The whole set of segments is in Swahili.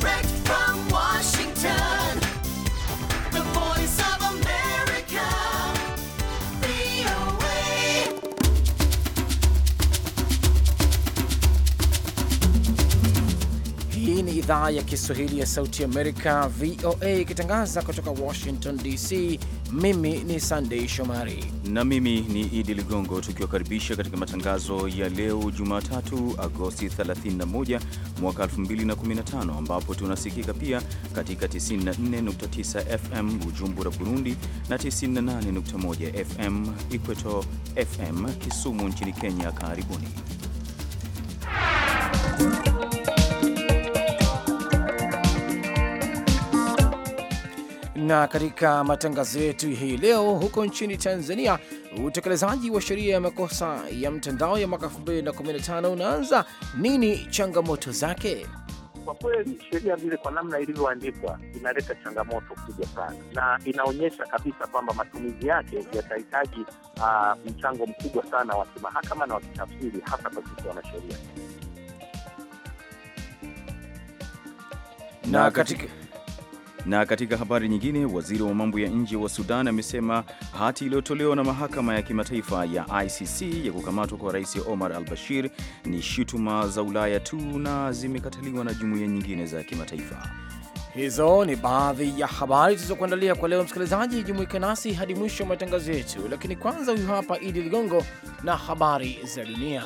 direct idhaa ya Kiswahili ya Sauti Amerika, VOA, ikitangaza kutoka Washington DC. Mimi ni Sandei Shomari na mimi ni Idi Ligongo, tukiwakaribisha katika matangazo ya leo Jumatatu, Agosti 31 mwaka 2015, ambapo tunasikika pia katika 94.9 FM Bujumbura, Burundi na 98.1 FM Ikweto FM Kisumu nchini Kenya. Karibuni. Na katika matangazo yetu hii leo, huko nchini Tanzania, utekelezaji wa sheria ya makosa ya mtandao ya mwaka 2015 unaanza. Nini changamoto zake? Kwa kweli sheria vile kwa namna ilivyoandikwa inaleta changamoto kubwa sana, na inaonyesha kabisa kwamba matumizi yake yatahitaji uh, mchango mkubwa sana wa kimahakama na wa kitafsiri, hasa kwa sisi wanasheria na katika na katika habari nyingine, waziri wa mambo ya nje wa Sudan amesema hati iliyotolewa na mahakama ya kimataifa ya ICC ya kukamatwa kwa rais Omar al Bashir ni shutuma za Ulaya tu na zimekataliwa na jumuiya nyingine za kimataifa. Hizo ni baadhi ya habari zilizokuandalia kwa leo. Msikilizaji, jumuike nasi hadi mwisho wa matangazo yetu, lakini kwanza, huyu hapa Idi Ligongo na habari za dunia.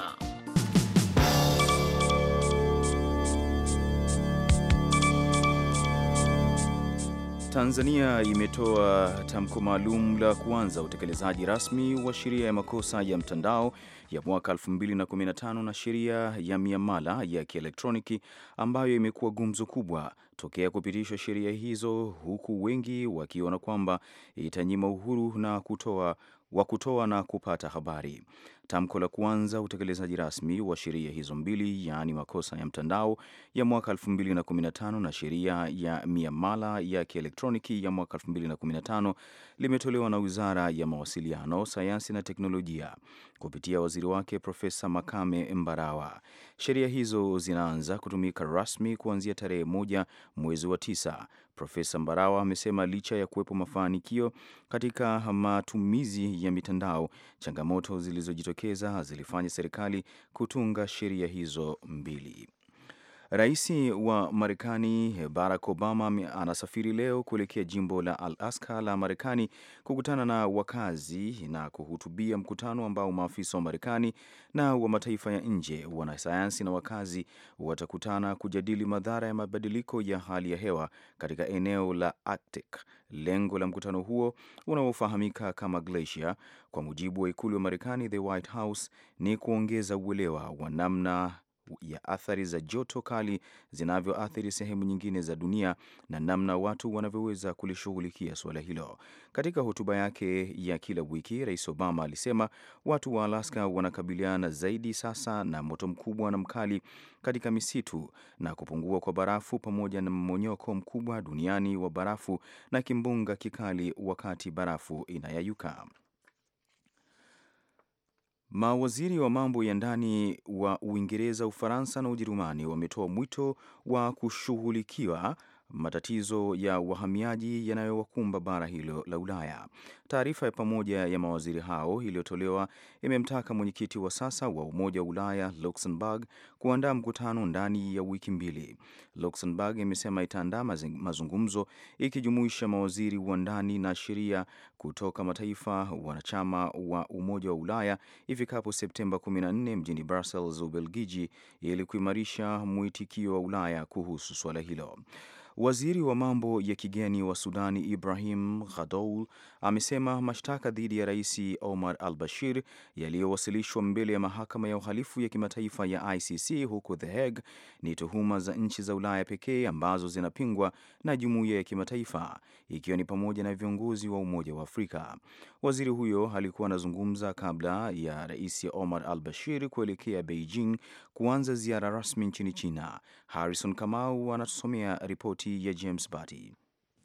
Tanzania imetoa tamko maalum la kuanza utekelezaji rasmi wa sheria ya makosa ya mtandao ya mwaka 2015 na sheria ya miamala ya kielektroniki ambayo imekuwa gumzo kubwa tokea kupitishwa sheria hizo, huku wengi wakiona kwamba itanyima uhuru na kutoa wa kutoa na kupata habari. Tamko la kuanza utekelezaji rasmi wa sheria hizo mbili, yaani makosa ya mtandao ya mwaka 2015 na sheria ya miamala ya kielektroniki ya mwaka 2015 limetolewa na Wizara ya Mawasiliano, Sayansi na Teknolojia kupitia waziri wake Profesa Makame Mbarawa. Sheria hizo zinaanza kutumika rasmi kuanzia tarehe moja mwezi wa tisa Profesa Mbarawa amesema licha ya kuwepo mafanikio katika matumizi ya mitandao, changamoto zilizojitokeza zilifanya serikali kutunga sheria hizo mbili. Rais wa Marekani Barack Obama anasafiri leo kuelekea jimbo la Alaska la Marekani kukutana na wakazi na kuhutubia mkutano ambao maafisa wa Marekani na wa mataifa ya nje, wanasayansi na wakazi watakutana kujadili madhara ya mabadiliko ya hali ya hewa katika eneo la Arctic. Lengo la mkutano huo unaofahamika kama Glacier, kwa mujibu wa ikulu ya Marekani, the White House, ni kuongeza uelewa wa namna ya athari za joto kali zinavyoathiri sehemu nyingine za dunia na namna watu wanavyoweza kulishughulikia suala hilo. Katika hotuba yake ya kila wiki, Rais Obama alisema watu wa Alaska wanakabiliana zaidi sasa na moto mkubwa na mkali katika misitu na kupungua kwa barafu pamoja na mmonyoko mkubwa duniani wa barafu na kimbunga kikali wakati barafu inayayuka. Mawaziri wa mambo ya ndani wa Uingereza, Ufaransa na Ujerumani wametoa mwito wa kushughulikiwa matatizo ya wahamiaji yanayowakumba bara hilo la Ulaya. Taarifa ya pamoja ya mawaziri hao iliyotolewa imemtaka mwenyekiti wa sasa wa Umoja wa Ulaya Luxembourg kuandaa mkutano ndani ya wiki mbili. Luxembourg imesema itaandaa mazungumzo ikijumuisha mawaziri wa ndani na sheria kutoka mataifa wanachama wa Umoja wa Ulaya ifikapo Septemba 14 mjini Brussels, Ubelgiji, ili kuimarisha mwitikio wa Ulaya kuhusu suala hilo. Waziri wa mambo ya kigeni wa Sudani Ibrahim Ghadoul amesema mashtaka dhidi ya Rais Omar al-Bashir yaliyowasilishwa mbele ya mahakama ya uhalifu ya kimataifa ya ICC huko The Hague ni tuhuma za nchi za Ulaya pekee ambazo zinapingwa na jumuiya ya kimataifa ikiwa ni pamoja na viongozi wa Umoja wa Afrika. Waziri huyo alikuwa anazungumza kabla ya Rais Omar al-Bashir kuelekea Beijing kuanza ziara rasmi nchini China. Harrison Kamau anatusomea ripoti matamshi ya James Bati.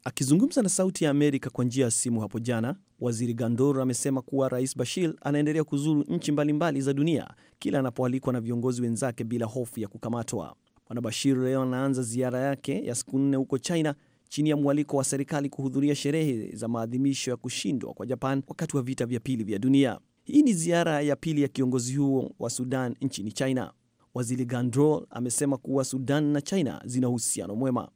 Akizungumza na Sauti ya Amerika kwa njia ya simu hapo jana, Waziri Gandor amesema kuwa Rais Bashir anaendelea kuzuru nchi mbalimbali za dunia kila anapoalikwa na viongozi wenzake bila hofu ya kukamatwa. Bwana Bashir leo anaanza ziara yake ya siku nne huko China chini ya mwaliko wa serikali kuhudhuria sherehe za maadhimisho ya kushindwa kwa Japan wakati wa vita vya pili vya dunia. Hii ni ziara ya pili ya kiongozi huo wa Sudan nchini China. Waziri Gandrol amesema kuwa Sudan na China zina uhusiano mwema.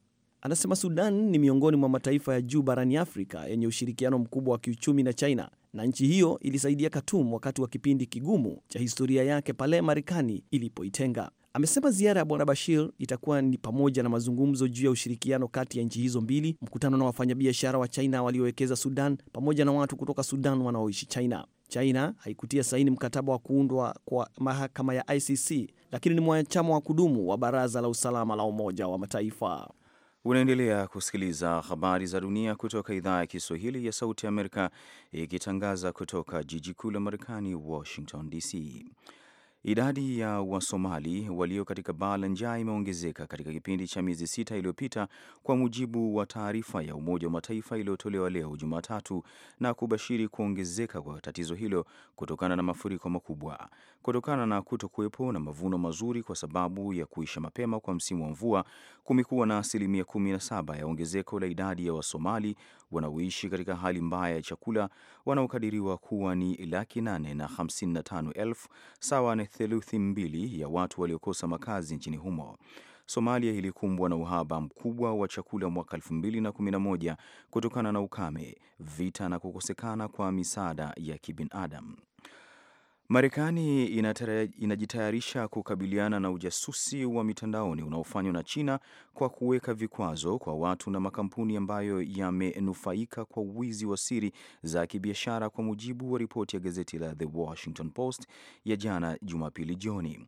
Anasema Sudan ni miongoni mwa mataifa ya juu barani Afrika yenye ushirikiano mkubwa wa kiuchumi na China, na nchi hiyo ilisaidia Khartoum wakati wa kipindi kigumu cha historia yake pale Marekani ilipoitenga. Amesema ziara ya Bwana Bashir itakuwa ni pamoja na mazungumzo juu ya ushirikiano kati ya nchi hizo mbili, mkutano na wafanyabiashara wa China waliowekeza Sudan, pamoja na watu kutoka Sudan wanaoishi China. China haikutia saini mkataba wa kuundwa kwa mahakama ya ICC, lakini ni mwanachama wa kudumu wa Baraza la Usalama la Umoja wa Mataifa. Unaendelea kusikiliza habari za dunia kutoka idhaa ya Kiswahili ya Sauti ya Amerika, ikitangaza kutoka jiji kuu la Marekani, Washington DC. Idadi ya Wasomali walio katika baa la njaa imeongezeka katika kipindi cha miezi sita iliyopita, kwa mujibu wa taarifa ya Umoja wa Mataifa iliyotolewa leo Jumatatu, na kubashiri kuongezeka kwa tatizo hilo kutokana na mafuriko makubwa. Kutokana na kuto kuwepo na mavuno mazuri kwa sababu ya kuisha mapema kwa msimu wa mvua, kumekuwa na asilimia 17 ya ongezeko la idadi ya Wasomali wanaoishi katika hali mbaya ya chakula, wanaokadiriwa kuwa ni laki 8 na 55 elfu sawa na theluthi mbili ya watu waliokosa makazi nchini humo. Somalia ilikumbwa na uhaba mkubwa wa chakula mwaka 2011 kutokana na ukame, vita na kukosekana kwa misaada ya kibinadamu. Marekani inajitayarisha kukabiliana na ujasusi wa mitandaoni unaofanywa na China kwa kuweka vikwazo kwa watu na makampuni ambayo yamenufaika kwa wizi wa siri za kibiashara, kwa mujibu wa ripoti ya gazeti la The Washington Post ya jana Jumapili jioni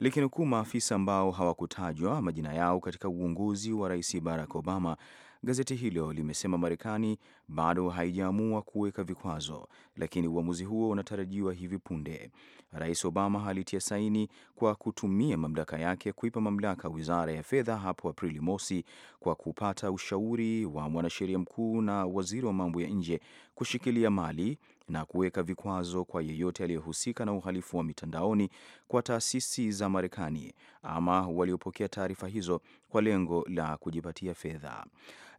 likinukuu maafisa ambao hawakutajwa majina yao katika uongozi wa Rais Barack Obama Gazeti hilo limesema Marekani bado haijaamua kuweka vikwazo, lakini uamuzi huo unatarajiwa hivi punde. Rais Obama alitia saini kwa kutumia mamlaka yake kuipa mamlaka wizara ya fedha hapo Aprili mosi kwa kupata ushauri wa mwanasheria mkuu na waziri wa mambo ya nje kushikilia mali na kuweka vikwazo kwa yeyote aliyehusika na uhalifu wa mitandaoni kwa taasisi za Marekani ama waliopokea taarifa hizo kwa lengo la kujipatia fedha.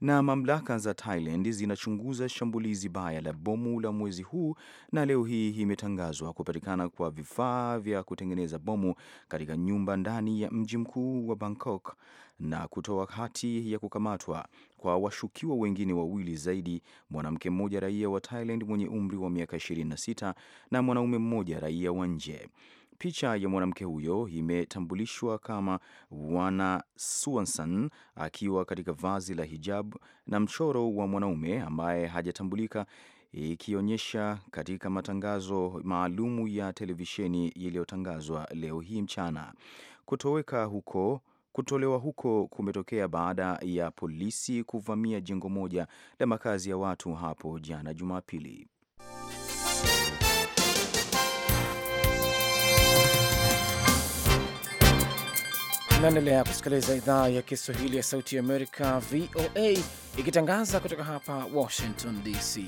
Na mamlaka za Thailand zinachunguza shambulizi baya la bomu la mwezi huu, na leo hii imetangazwa kupatikana kwa vifaa vya kutengeneza bomu katika nyumba ndani ya mji mkuu wa Bangkok na kutoa hati ya kukamatwa kwa washukiwa wengine wawili zaidi, mwanamke mmoja raia wa Thailand mwenye umri wa miaka 26 na mwanaume mmoja raia wa nje. Picha ya mwanamke huyo imetambulishwa kama Wana Suansan akiwa katika vazi la hijab na mchoro wa mwanaume ambaye hajatambulika ikionyesha katika matangazo maalumu ya televisheni yaliyotangazwa leo hii mchana. Kutoweka huko Kutolewa huko kumetokea baada ya polisi kuvamia jengo moja la makazi ya watu hapo jana Jumapili. Naendelea kusikiliza idhaa ya Kiswahili ya Sauti ya Amerika, VOA, ikitangaza kutoka hapa Washington DC.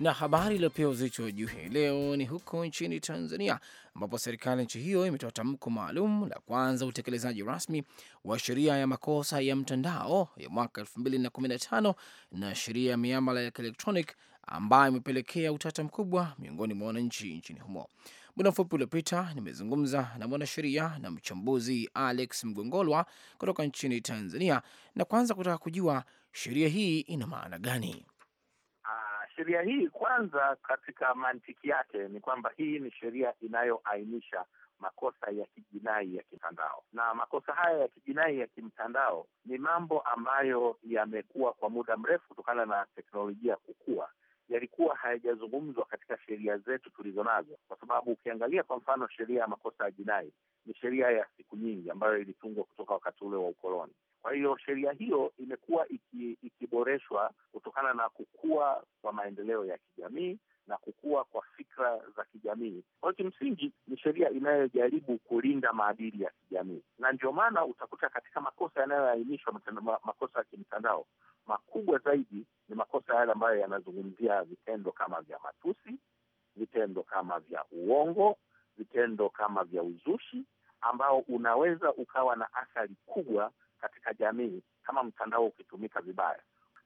Na habari iliyopewa uzito wa juu hii leo ni huko nchini Tanzania, ambapo serikali nchi hiyo imetoa tamko maalum la kwanza utekelezaji rasmi wa sheria ya makosa ya mtandao ya mwaka 2015 na sheria ya miamala ya kielektroniki ambayo imepelekea utata mkubwa miongoni mwa wananchi nchini humo. Muda mfupi uliopita nimezungumza na mwanasheria na mchambuzi Alex Mgongolwa kutoka nchini Tanzania, na kwanza kutaka kujua sheria hii ina maana gani sheria hii kwanza, katika mantiki yake ni kwamba hii ni sheria inayoainisha makosa ya kijinai ya kimtandao, na makosa haya ya kijinai ya kimtandao ni mambo ambayo yamekuwa kwa muda mrefu kutokana na teknolojia kukua yalikuwa hayajazungumzwa katika sheria zetu tulizo nazo, kwa sababu ukiangalia kwa mfano sheria ya makosa ya jinai ni sheria ya siku nyingi ambayo ilitungwa kutoka wakati ule wa ukoloni. Kwa hiyo sheria hiyo imekuwa iki, ikiboreshwa kutokana na kukua kwa maendeleo ya kijamii na kukua kwa fikra za kijamii. Kwa hiyo kimsingi ni sheria inayojaribu kulinda maadili ya kijamii, na ndio maana utakuta katika makosa yanayoainishwa, makosa ya kimtandao makubwa zaidi ni makosa yale ambayo yanazungumzia vitendo kama vya matusi, vitendo kama vya uongo, vitendo kama vya uzushi, ambao unaweza ukawa na athari kubwa katika jamii kama mtandao ukitumika vibaya.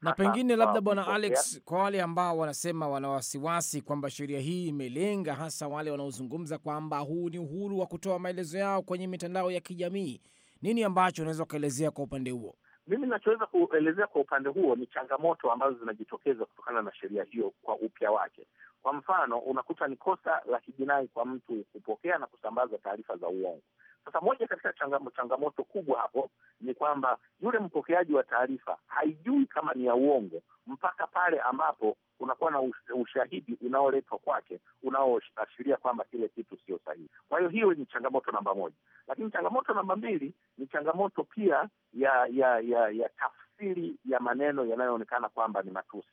Na pengine labda Bwana Alex, kwa wale ambao wanasema wana wasiwasi kwamba sheria hii imelenga hasa wale wanaozungumza kwamba huu ni uhuru wa kutoa maelezo yao kwenye mitandao ya kijamii, nini ambacho unaweza ukaelezea kwa upande huo? Mimi nachoweza kuelezea kwa upande huo ni changamoto ambazo zinajitokeza kutokana na sheria hiyo kwa upya wake. Kwa mfano, unakuta ni kosa la kijinai kwa mtu kupokea na kusambaza taarifa za uongo, sasa moja katika changamoto, changamoto kubwa hapo ni kwamba yule mpokeaji wa taarifa haijui kama ni ya uongo mpaka pale ambapo kunakuwa na ushahidi unaoletwa kwake unaoashiria kwamba kile kitu sio sahihi. Kwa hiyo hiyo ni changamoto namba moja, lakini changamoto namba mbili ni changamoto pia ya ya ya, ya tafsiri ya maneno yanayoonekana kwamba ni matusi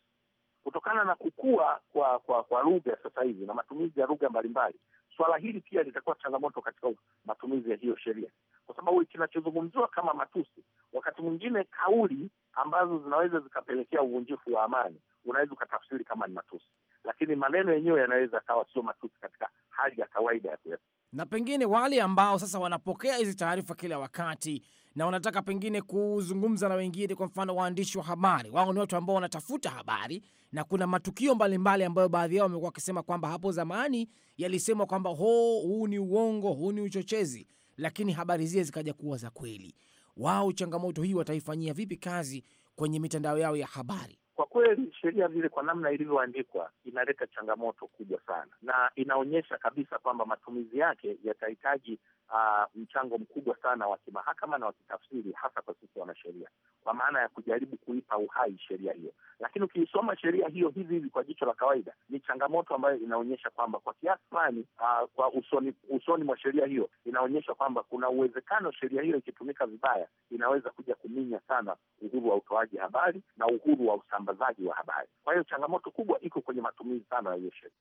kutokana na kukua kwa kwa, kwa lugha sasa hivi na matumizi ya lugha mbalimbali swala hili pia litakuwa changamoto katika matumizi ya hiyo sheria, kwa sababu kinachozungumziwa kama matusi, wakati mwingine kauli ambazo zinaweza zikapelekea uvunjifu wa amani unaweza ukatafsiri kama ni matusi, lakini maneno yenyewe yanaweza akawa sio matusi katika hali ya kawaida ya kuyasema na pengine wale ambao sasa wanapokea hizi taarifa kila wakati na wanataka pengine kuzungumza na wengine, kwa mfano waandishi wa habari, wao ni watu ambao wanatafuta habari, na kuna matukio mbalimbali mbali ambayo baadhi yao wamekuwa wakisema kwamba hapo zamani yalisemwa kwamba ho, huu ni uongo, huu ni uchochezi, lakini habari zile zikaja kuwa za kweli. Wao changamoto hii wataifanyia vipi kazi kwenye mitandao yao ya habari? Kwa kweli sheria vile kwa namna ilivyoandikwa inaleta changamoto kubwa sana, na inaonyesha kabisa kwamba matumizi yake yatahitaji uh, mchango mkubwa sana wa kimahakama na wa kitafsiri, hasa kwa sisi wanasheria, kwa maana ya kujaribu kuipa uhai sheria hiyo. Lakini ukiisoma sheria hiyo hivi hivi kwa jicho la kawaida, ni changamoto ambayo inaonyesha kwamba kwa kiasi fulani, uh, kwa usoni, usoni mwa sheria hiyo inaonyesha kwamba kuna uwezekano sheria hiyo ikitumika vibaya inaweza kuja kuminya sana uhuru wa utoaji habari na uhuru wa usambazaji wa habari. Kwa hiyo changamoto kubwa iko kwenye matumizi sana ya hiyo sheria.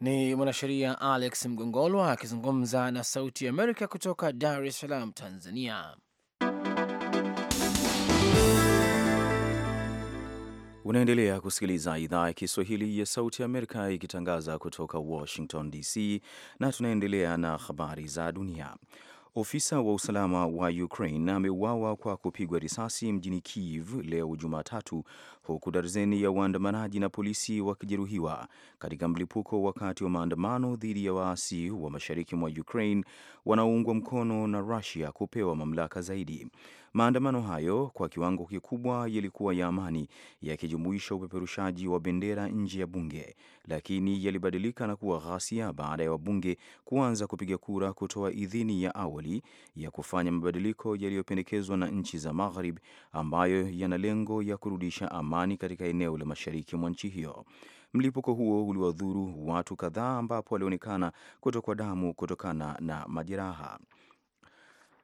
Ni mwanasheria Alex Mgongolwa akizungumza na Sauti ya Amerika kutoka Dar es Salaam, Tanzania. Unaendelea kusikiliza idhaa ya Kiswahili ya Sauti ya Amerika ikitangaza kutoka Washington DC, na tunaendelea na habari za dunia. Ofisa wa usalama wa Ukraine ameuawa kwa kupigwa risasi mjini Kiev leo Jumatatu, huku darzeni ya waandamanaji na polisi wakijeruhiwa katika mlipuko wakati wa maandamano dhidi ya waasi wa mashariki mwa Ukraine wanaoungwa mkono na Russia kupewa mamlaka zaidi. Maandamano hayo kwa kiwango kikubwa yalikuwa ya amani, yakijumuisha upeperushaji wa bendera nje ya bunge, lakini yalibadilika na kuwa ghasia baada ya wabunge kuanza kupiga kura kutoa idhini ya awali ya kufanya mabadiliko yaliyopendekezwa na nchi za magharib ambayo yana lengo ya kurudisha amani katika eneo la mashariki mwa nchi hiyo. Mlipuko huo uliwadhuru watu kadhaa ambapo walionekana kutokwa damu kutokana na majeraha.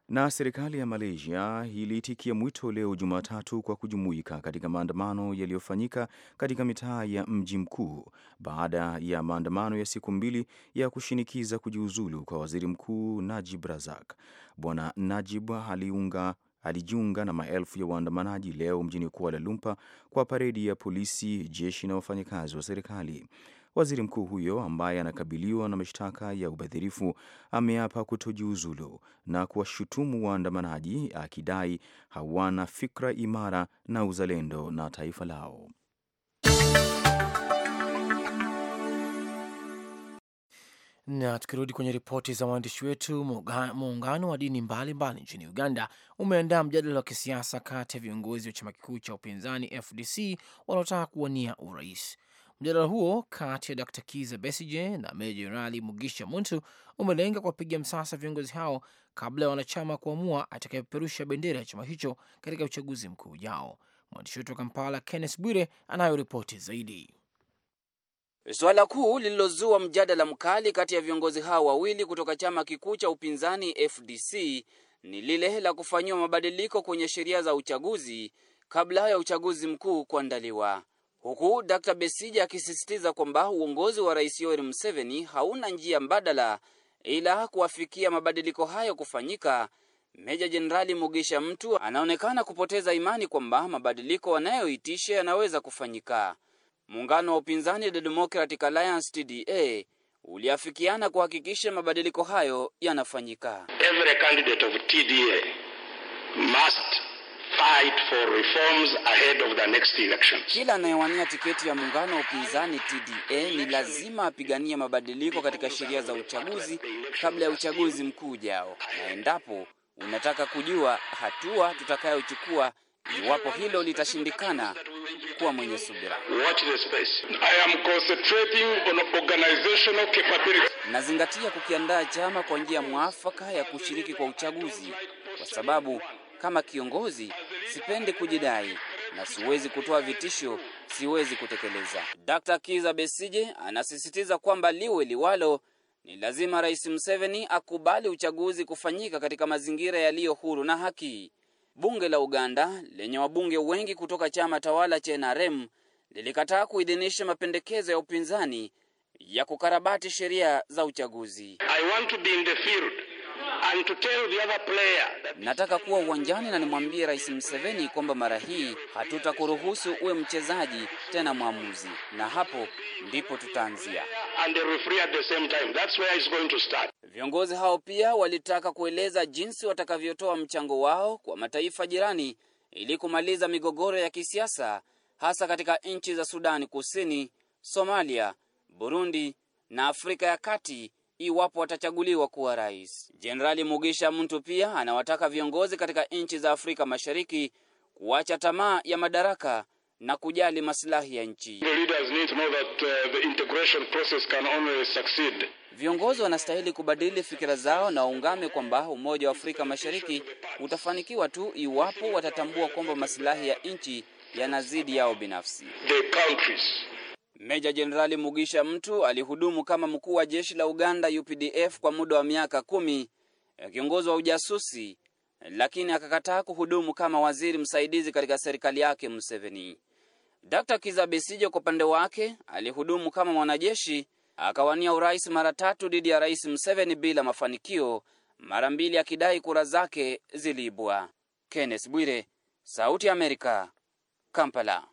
Na serikali ya Malaysia iliitikia mwito leo Jumatatu kwa kujumuika katika maandamano yaliyofanyika katika mitaa ya mji mkuu baada ya maandamano ya siku mbili ya kushinikiza kujiuzulu kwa waziri mkuu Najib Razak. Bwana Najib aliunga alijiunga na maelfu ya waandamanaji leo mjini Kuala Lumpur kwa paredi ya polisi, jeshi na wafanyakazi wa serikali. Waziri mkuu huyo ambaye anakabiliwa na mashtaka ya ubadhirifu ameapa kutojiuzulu na kuwashutumu waandamanaji akidai hawana fikra imara na uzalendo na taifa lao. Na tukirudi kwenye ripoti za waandishi wetu, muungano wa dini mbalimbali nchini Uganda umeandaa mjadala wa kisiasa kati ya viongozi wa chama kikuu cha upinzani FDC wanaotaka kuwania urais. Mjadala huo kati ya Dr Kiza Besije na Meja Jenerali Mugisha Muntu umelenga kuwapiga msasa viongozi hao kabla ya wanachama kuamua atakayepeperusha bendera ya chama hicho katika uchaguzi mkuu ujao. Mwandishi wetu wa Kampala, Kenneth Bwire, anayo ripoti zaidi. Suala kuu lililozua mjadala mkali kati ya viongozi hao wawili kutoka chama kikuu cha upinzani FDC ni lile la kufanyiwa mabadiliko kwenye sheria za uchaguzi kabla ya uchaguzi mkuu kuandaliwa huku Dr. Besija akisisitiza kwamba uongozi wa Rais Yoweri Museveni hauna njia mbadala ila kuwafikia mabadiliko hayo kufanyika. Meja Jenerali Mugisha Mtu anaonekana kupoteza imani kwamba mabadiliko wanayoitisha yanaweza kufanyika. Muungano wa upinzani The Democratic Alliance TDA uliafikiana kuhakikisha mabadiliko hayo yanafanyika. Every candidate of TDA must fight for reforms ahead of the next elections. Kila anayewania tiketi ya muungano wa upinzani TDA ni lazima apiganie mabadiliko katika sheria za uchaguzi kabla ya uchaguzi mkuu ujao, na endapo unataka kujua hatua tutakayochukua iwapo hilo litashindikana, kuwa mwenye subira. Nazingatia kukiandaa chama kwa njia mwafaka ya kushiriki kwa uchaguzi, kwa sababu kama kiongozi sipendi kujidai na siwezi kutoa vitisho, siwezi kutekeleza. Dr. Kiza Besije anasisitiza kwamba liwe liwalo, ni lazima Rais Museveni akubali uchaguzi kufanyika katika mazingira yaliyo huru na haki. Bunge la Uganda lenye wabunge wengi kutoka chama tawala cha NRM lilikataa kuidhinisha mapendekezo ya upinzani ya kukarabati sheria za uchaguzi. I want to be in the field and to tell the other player. Nataka kuwa uwanjani na nimwambie Rais Mseveni kwamba mara hii hatutakuruhusu uwe mchezaji tena mwamuzi, na hapo ndipo tutaanzia. And the referee at the same time. That's where it's going to start. Viongozi hao pia walitaka kueleza jinsi watakavyotoa mchango wao kwa mataifa jirani ili kumaliza migogoro ya kisiasa hasa katika nchi za Sudani Kusini, Somalia, Burundi na Afrika ya Kati iwapo atachaguliwa kuwa rais. Jenerali Mugisha Muntu pia anawataka viongozi katika nchi za Afrika Mashariki kuacha tamaa ya madaraka na kujali maslahi ya nchi. Uh, viongozi wanastahili kubadili fikira zao na waungame kwamba umoja wa Afrika Mashariki utafanikiwa tu iwapo watatambua kwamba maslahi ya nchi yanazidi yao binafsi. Meja Jenerali Mugisha Mtu alihudumu kama mkuu wa jeshi la Uganda UPDF kwa muda wa miaka kumi, eh, kiongozi wa ujasusi, lakini akakataa kuhudumu kama waziri msaidizi katika serikali yake Museveni. Dr. Kizza Besigye kwa upande wake alihudumu kama mwanajeshi, akawania urais mara tatu dhidi ya Rais Museveni bila mafanikio, mara mbili akidai kura zake ziliibwa. Kenneth Bwire, Sauti ya Amerika, Kampala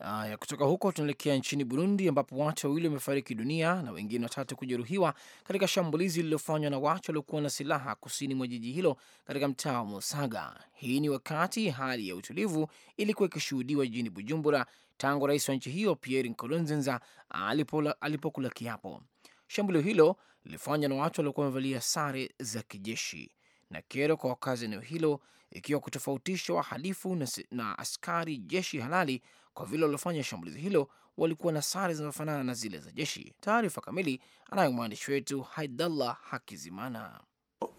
ya kutoka huko tunaelekea nchini Burundi ambapo watu wawili wamefariki dunia na wengine watatu kujeruhiwa katika shambulizi lililofanywa na watu waliokuwa na silaha kusini mwa jiji hilo katika mtaa wa Musaga. Hii ni wakati hali ya utulivu ilikuwa ikishuhudiwa jijini Bujumbura tangu rais wa nchi hiyo Pierre Nkurunziza alipokula alipo kiapo. Shambulio hilo lilifanywa na watu waliokuwa wamevalia sare za kijeshi na kero kwa wakazi eneo hilo ikiwa kutofautisha wahalifu na, na askari jeshi halali kwa vile waliofanya shambulizi hilo walikuwa na sare zinazofanana na zile za jeshi. Taarifa kamili anayo mwandishi wetu Haidallah Hakizimana.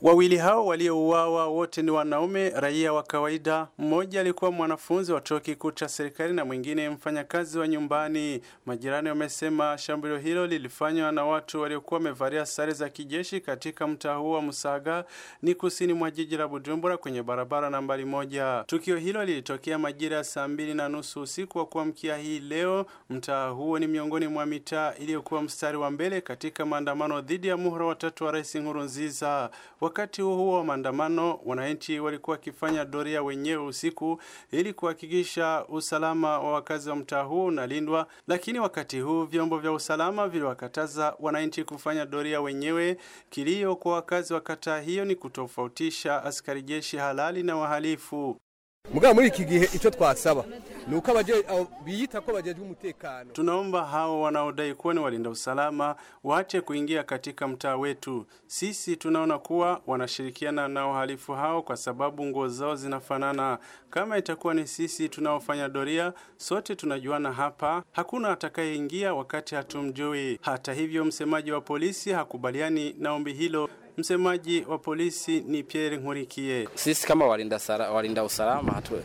Wawili hao waliouawa wote ni wanaume raia wa kawaida. Mmoja alikuwa mwanafunzi wa chuo kikuu cha serikali na mwingine mfanyakazi wa nyumbani. Majirani wamesema shambulio hilo lilifanywa na watu waliokuwa wamevalia sare za kijeshi katika mtaa huo wa Musaga, ni kusini mwa jiji la Bujumbura, kwenye barabara nambari moja. Tukio hilo lilitokea majira ya saa mbili na nusu usiku wa kuamkia hii leo. Mtaa huo ni miongoni mwa mitaa iliyokuwa mstari wa mbele katika maandamano dhidi ya muhula watatu wa Rais Nkurunziza. Wakati huo huo wa maandamano, wananchi walikuwa wakifanya doria wenyewe usiku ili kuhakikisha usalama wa wakazi wa mtaa huu unalindwa, lakini wakati huu vyombo vya usalama viliwakataza wananchi kufanya doria wenyewe. Kilio kwa wakazi wa kata hiyo ni kutofautisha askari jeshi halali na wahalifu mugabo muri iki gihe icyo twasaba nuko abaje biyita ko bajeje umutekano. Tunaomba hao wanaodai kuwa ni walinda usalama waache kuingia katika mtaa wetu. Sisi tunaona kuwa wanashirikiana na uhalifu hao kwa sababu nguo zao zinafanana. Kama itakuwa ni sisi tunaofanya doria, sote tunajuana hapa, hakuna atakayeingia wakati hatumjui. Hata hivyo, msemaji wa polisi hakubaliani na ombi hilo. Msemaji wa polisi ni Pierre Nkurikiye. Sisi kama walinda, sara, walinda usalama hatu,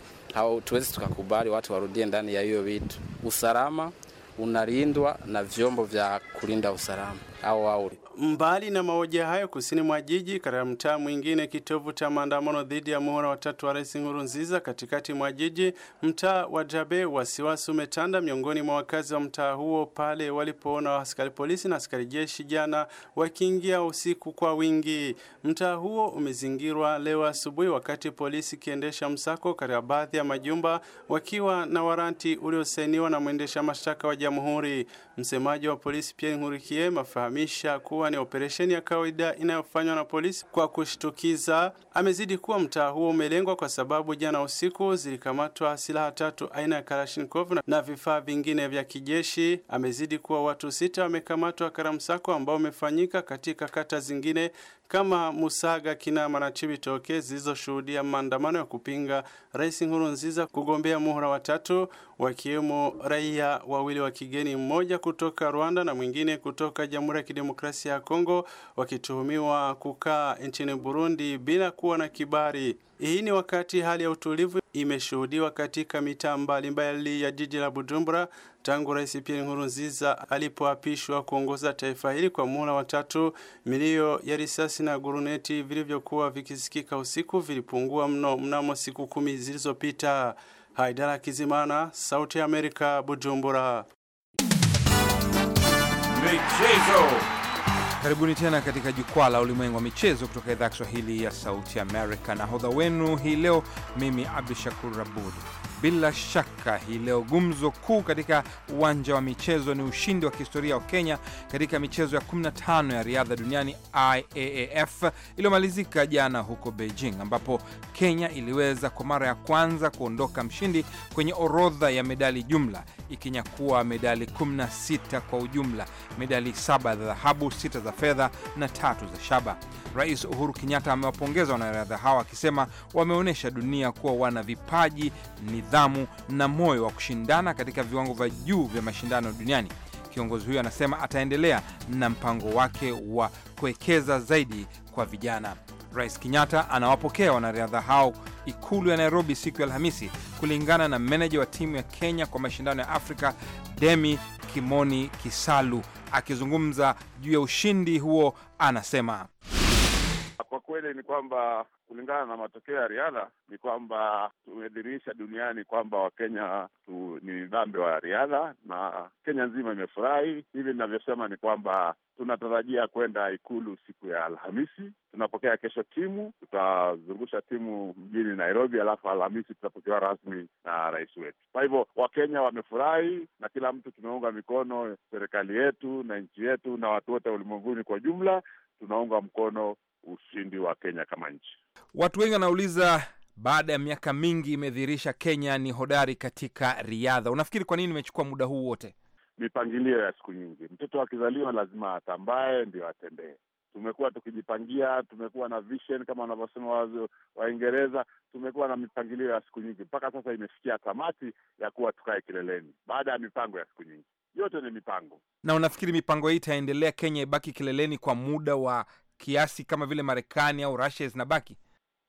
tuwezi tukakubali watu warudie ndani ya hiyo vitu. Usalama unalindwa na vyombo vya kulinda usalama au au. Mbali na maoja hayo, kusini mwa jiji, katika mtaa mwingine, kitovu cha maandamano dhidi ya muhula watatu wa Rais Nkurunziza, katikati mwa jiji, mtaa wa Jabe, wasiwasi umetanda miongoni mwa wakazi wa mtaa huo pale walipoona askari polisi na askari jeshi jana wakiingia usiku kwa wingi. Mtaa huo umezingirwa leo asubuhi, wakati polisi ikiendesha msako katika baadhi ya majumba wakiwa na waranti uliosainiwa na mwendesha mashtaka wa Jamhuri. Msemaji wa polisi Pierre Nkurikiye mafahamu akifahamisha kuwa ni operesheni ya kawaida inayofanywa na polisi kwa kushtukiza. Amezidi kuwa mtaa huo umelengwa kwa sababu jana usiku zilikamatwa silaha tatu aina ya Kalashnikov na vifaa vingine vya kijeshi. Amezidi kuwa watu sita wamekamatwa karamsako ambao umefanyika katika kata zingine kama Musaga, Kinama na Chibitoke zilizoshuhudia maandamano ya kupinga Rais Nkurunziza kugombea muhula watatu, wakiwemo raia wawili wa kigeni, mmoja kutoka Rwanda na mwingine kutoka Jamhuri ya Kidemokrasia ya Kongo, wakituhumiwa kukaa nchini Burundi bila kuwa na kibali. Hii ni wakati hali ya utulivu imeshuhudiwa katika mitaa mbalimbali ya jiji la Bujumbura tangu Rais Pierre Nkurunziza alipoapishwa kuongoza taifa hili kwa muhula wa tatu. Milio ya risasi na guruneti vilivyokuwa vikisikika usiku vilipungua mno mnamo siku kumi zilizopita. Haidara Kizimana, Sauti ya Amerika, Bujumbura. Michezo. Karibuni tena katika jukwaa la ulimwengu wa michezo kutoka idhaa ya Kiswahili ya Sauti Amerika. Nahodha wenu hii leo mimi Abdu Shakur Abud. Bila shaka hii leo gumzo kuu katika uwanja wa michezo ni ushindi wa kihistoria wa Kenya katika michezo ya 15 ya riadha duniani IAAF iliyomalizika jana huko Beijing, ambapo Kenya iliweza kwa mara ya kwanza kuondoka mshindi kwenye orodha ya medali jumla ikinyakua medali 16 kwa ujumla, medali saba za dhahabu, sita za fedha na tatu za shaba. Rais Uhuru Kenyatta amewapongeza wanariadha hawa akisema wameonyesha dunia kuwa wana vipaji ni nidhamu na moyo wa kushindana katika viwango vya juu vya mashindano duniani. Kiongozi huyo anasema ataendelea na mpango wake wa kuwekeza zaidi kwa vijana. Rais Kenyatta anawapokea wanariadha hao ikulu ya Nairobi siku ya Alhamisi, kulingana na meneja wa timu ya Kenya kwa mashindano ya Afrika Demi Kimoni Kisalu. Akizungumza juu ya ushindi huo, anasema ukweli ni kwamba kulingana na matokeo ya riadha ni kwamba tumeidhinisha duniani kwamba Wakenya ni dhambe wa riadha, na Kenya nzima imefurahi. Hivi ninavyosema ni kwamba tunatarajia kwenda Ikulu siku ya Alhamisi. Tunapokea kesho timu, tutazungusha timu mjini Nairobi, alafu Alhamisi tutapokewa rasmi na rais wetu. Kwa hivyo Wakenya wamefurahi na kila mtu tumeunga mikono serikali yetu na nchi yetu na watu wote ulimwenguni kwa jumla tunaunga mkono ushindi wa Kenya kama nchi. Watu wengi wanauliza baada ya miaka mingi imedhihirisha Kenya ni hodari katika riadha. Unafikiri kwa nini imechukua muda huu wote? Mipangilio ya siku nyingi. Mtoto akizaliwa lazima atambae ndio atembee. Tumekuwa tukijipangia, tumekuwa na vision kama wanavyosema Waingereza, tumekuwa na mipangilio ya siku nyingi, mpaka sasa imefikia tamati ya kuwa tukae kileleni baada ya mipango ya siku nyingi. Yote ni mipango. Na unafikiri mipango hii itaendelea, Kenya ibaki kileleni kwa muda wa kiasi kama vile Marekani au Russia zinabaki?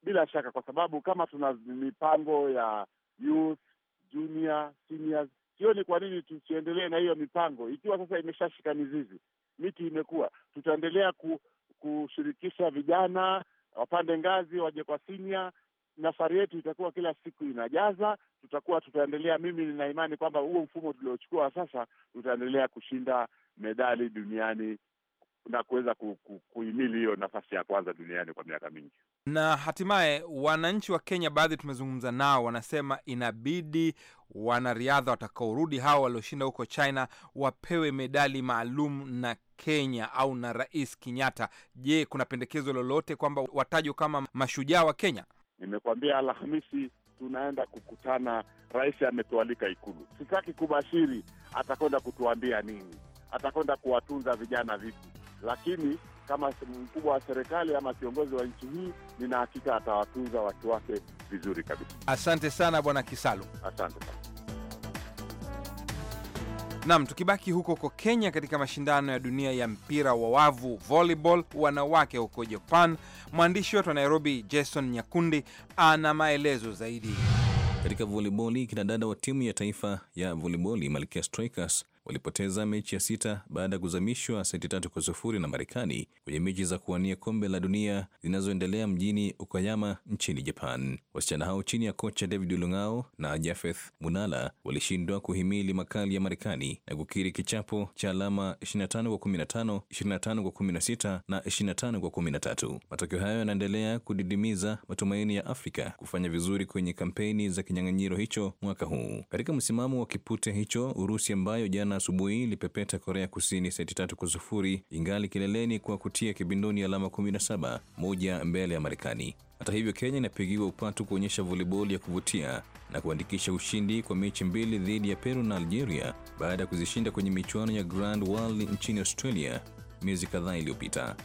Bila shaka, kwa sababu kama tuna mipango ya youth, junior, seniors, sioni kwa nini tusiendelee na hiyo mipango ikiwa sasa imeshashika mizizi, miti imekuwa. Tutaendelea ku, kushirikisha vijana wapande ngazi, waje kwa senior. Nafari yetu itakuwa kila siku inajaza, tutakuwa tutaendelea. Mimi nina imani kwamba huo mfumo tuliochukua sasa utaendelea kushinda medali duniani na kuweza kuhimili hiyo nafasi ya kwanza duniani kwa miaka mingi. Na hatimaye wananchi wa Kenya, baadhi tumezungumza nao, wanasema inabidi wanariadha watakaorudi hao walioshinda huko China wapewe medali maalum na Kenya au na Rais Kenyatta. Je, kuna pendekezo lolote kwamba watajwe kama mashujaa wa Kenya? Nimekuambia Alhamisi tunaenda kukutana, rais ametualika Ikulu. Sitaki kubashiri atakwenda kutuambia nini, atakwenda kuwatunza vijana vipi lakini kama mkubwa wa serikali ama kiongozi wa nchi hii, nina hakika atawatunza watu wake vizuri kabisa. Asante sana Bwana Kisalu, asante sana. Nam, tukibaki huko huko Kenya, katika mashindano ya dunia ya mpira wa wavu volleyball wanawake huko Japan, mwandishi wetu wa Nairobi Jason Nyakundi ana maelezo zaidi. Katika kina kinadada wa timu ya taifa ya voleyboli Malkia Strikers walipoteza mechi ya sita baada ya kuzamishwa seti tatu kwa sufuri na Marekani kwenye mechi za kuwania kombe la dunia zinazoendelea mjini Okayama nchini Japan. Wasichana hao chini ya kocha David lung'ao na Jafeth Munala walishindwa kuhimili makali ya Marekani na kukiri kichapo cha alama 25 kwa 15, 25 kwa 16 na 25 kwa 13. Matokeo hayo yanaendelea kudidimiza matumaini ya Afrika kufanya vizuri kwenye kampeni za kinyang'anyiro hicho mwaka huu. Katika msimamo wa kipute hicho, Urusi ambayo jana jana asubuhi ilipepeta Korea Kusini seti tatu kwa sufuri ingali kileleni kwa kutia kibindoni alama 17 moja mbele ya Marekani. Hata hivyo, Kenya inapigiwa upatu kuonyesha voliboli ya kuvutia na kuandikisha ushindi kwa mechi mbili dhidi ya Peru na Algeria baada ya kuzishinda kwenye michuano ya Grand World nchini Australia miezi kadhaa iliyopita.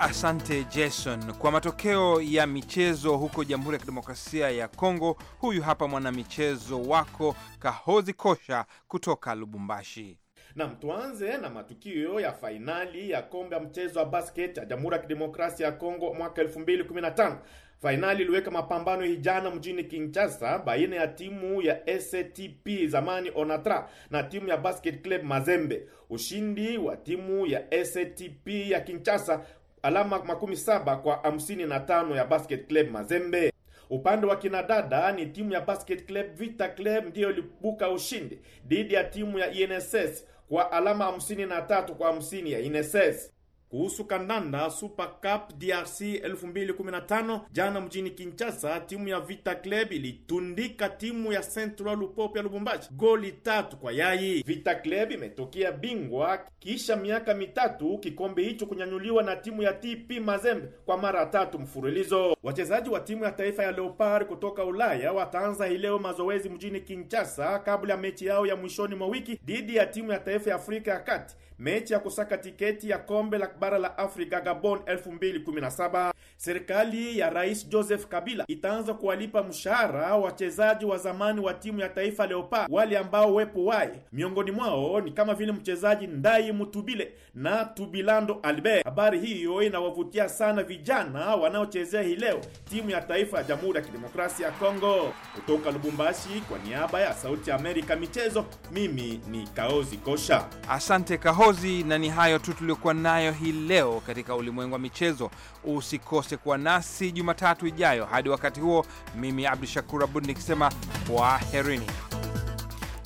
Asante Jason kwa matokeo ya michezo huko Jamhuri ya Kidemokrasia ya Kongo. Huyu hapa mwanamichezo wako Kahozi Kosha kutoka Lubumbashi. Nam, tuanze na matukio ya fainali ya kombe ya mchezo wa basket ya Jamhuri ya Kidemokrasia ya Kongo mwaka 2015. Fainali iliweka mapambano hijana mjini Kinshasa baina ya timu ya STP zamani Onatra na timu ya Basket Club Mazembe. Ushindi wa timu ya STP ya Kinshasa alama makumi saba kwa hamsini na tano ya Basket Club Mazembe. Upande wa kinadada ni timu ya Basket Club Vita Club ndiyo ilibuka ushindi dhidi ya timu ya INSS kwa alama hamsini na tatu kwa hamsini ya INSS. Kuhusu kandanda Super Cup DRC 2015 jana mjini Kinshasa, timu ya Vita Club ilitundika timu ya Central Lupopo ya Lubumbashi goli tatu kwa yai. Vita Club imetokea bingwa kisha miaka mitatu, kikombe hicho kunyanyuliwa na timu ya TP Mazembe kwa mara tatu mfululizo. Wachezaji wa timu ya taifa ya Leopard kutoka Ulaya wataanza hii leo mazoezi mjini Kinshasa kabla ya mechi yao ya mwishoni mwa wiki dhidi ya timu ya taifa ya Afrika ya Kati, mechi ya kusaka tiketi ya kombe la bara la Afrika Gabon 2017, serikali ya Rais Joseph Kabila itaanza kuwalipa mshahara wachezaji wa zamani wa timu ya taifa Leopard, wale ambao wepo waye miongoni mwao ni kama vile mchezaji Ndai Mutubile na Tubilando Albert. Habari hiyo inawavutia sana vijana wanaochezea hii leo timu ya taifa ya Jamhuri ya Kidemokrasia ya Kongo. Kutoka Lubumbashi, kwa niaba ya Sauti ya Amerika michezo, mimi ni Kaozi Kosha. Asante Kaozi, na ni hayo tu tuliokuwa nayo hii hii leo katika ulimwengu wa michezo. Usikose kuwa nasi Jumatatu ijayo. Hadi wakati huo, mimi Abdu Shakur Abud nikisema kwa herini.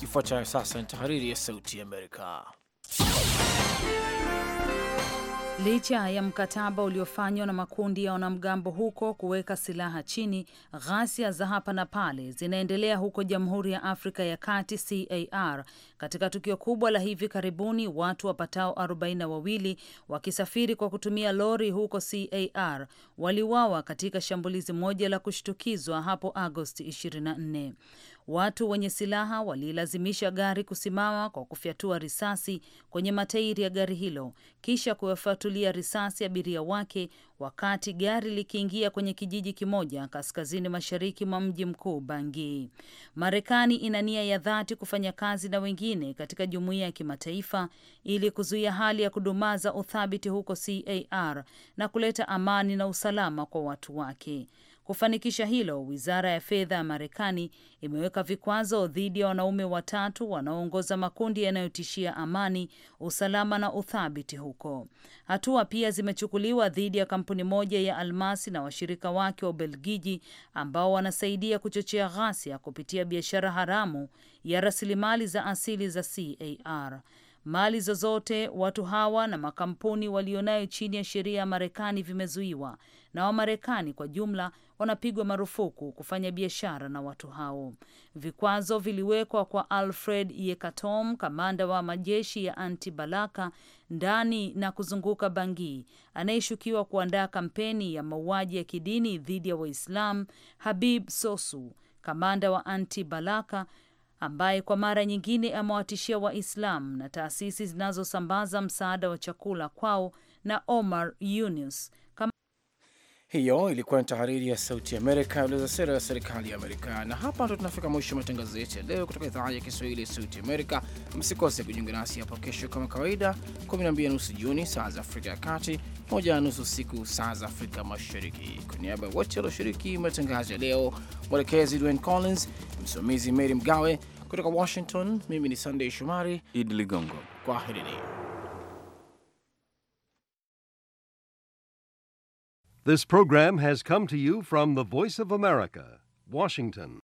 Ifuatayo sasa ni tahariri ya Sauti ya Amerika. Licha ya mkataba uliofanywa na makundi ya wanamgambo huko kuweka silaha chini, ghasia za hapa na pale zinaendelea huko Jamhuri ya Afrika ya Kati CAR. Katika tukio kubwa la hivi karibuni, watu wapatao 42 wakisafiri kwa kutumia lori huko CAR waliuawa katika shambulizi moja la kushtukizwa hapo Agosti 24. Watu wenye silaha waliilazimisha gari kusimama kwa kufyatua risasi kwenye matairi ya gari hilo kisha kuwafyatulia risasi abiria wake wakati gari likiingia kwenye kijiji kimoja kaskazini mashariki mwa mji mkuu Bangi. Marekani ina nia ya dhati kufanya kazi na wengine katika jumuiya ya kimataifa ili kuzuia hali ya kudumaza uthabiti huko CAR na kuleta amani na usalama kwa watu wake. Kufanikisha hilo, wizara ya fedha ya Marekani imeweka vikwazo dhidi ya wanaume watatu wanaoongoza makundi yanayotishia amani, usalama na uthabiti huko. Hatua pia zimechukuliwa dhidi ya kampuni moja ya almasi na washirika wake wa Ubelgiji ambao wanasaidia kuchochea ghasia kupitia biashara haramu ya rasilimali za asili za CAR. Mali zozote watu hawa na makampuni walionayo chini ya sheria ya Marekani vimezuiwa na Wamarekani kwa jumla wanapigwa marufuku kufanya biashara na watu hao. Vikwazo viliwekwa kwa Alfred Yekatom, kamanda wa majeshi ya Anti-Balaka ndani na kuzunguka Bangi, anayeshukiwa kuandaa kampeni ya mauaji ya kidini dhidi ya waislam Habib Sosu, kamanda wa Anti-Balaka ambaye kwa mara nyingine amewatishia Waislamu na taasisi zinazosambaza msaada wa chakula kwao na Omar Yunus. hiyo ilikuwa ni tahariri ya Sauti ya Amerika ulioza sera ya serikali ya Amerika. Na hapa ndo tunafika mwisho wa matangazo yetu ya leo kutoka idhaa ya Kiswahili ya Sauti Amerika. Msikose kujiunga nasi hapo kesho kama kawaida, 12 nusu jioni saa za Afrika ya Kati, moja na nusu siku saa za Afrika Mashariki. Kwa niaba ya wote walioshiriki matangazo ya leo, mwelekezi Dwayne Collins, msimamizi Mary Mgawe, Kutoka Washington, mimi ni Sunday Shomari Idi Ligongo, kwaherini. This program has come to you from the Voice of America, Washington.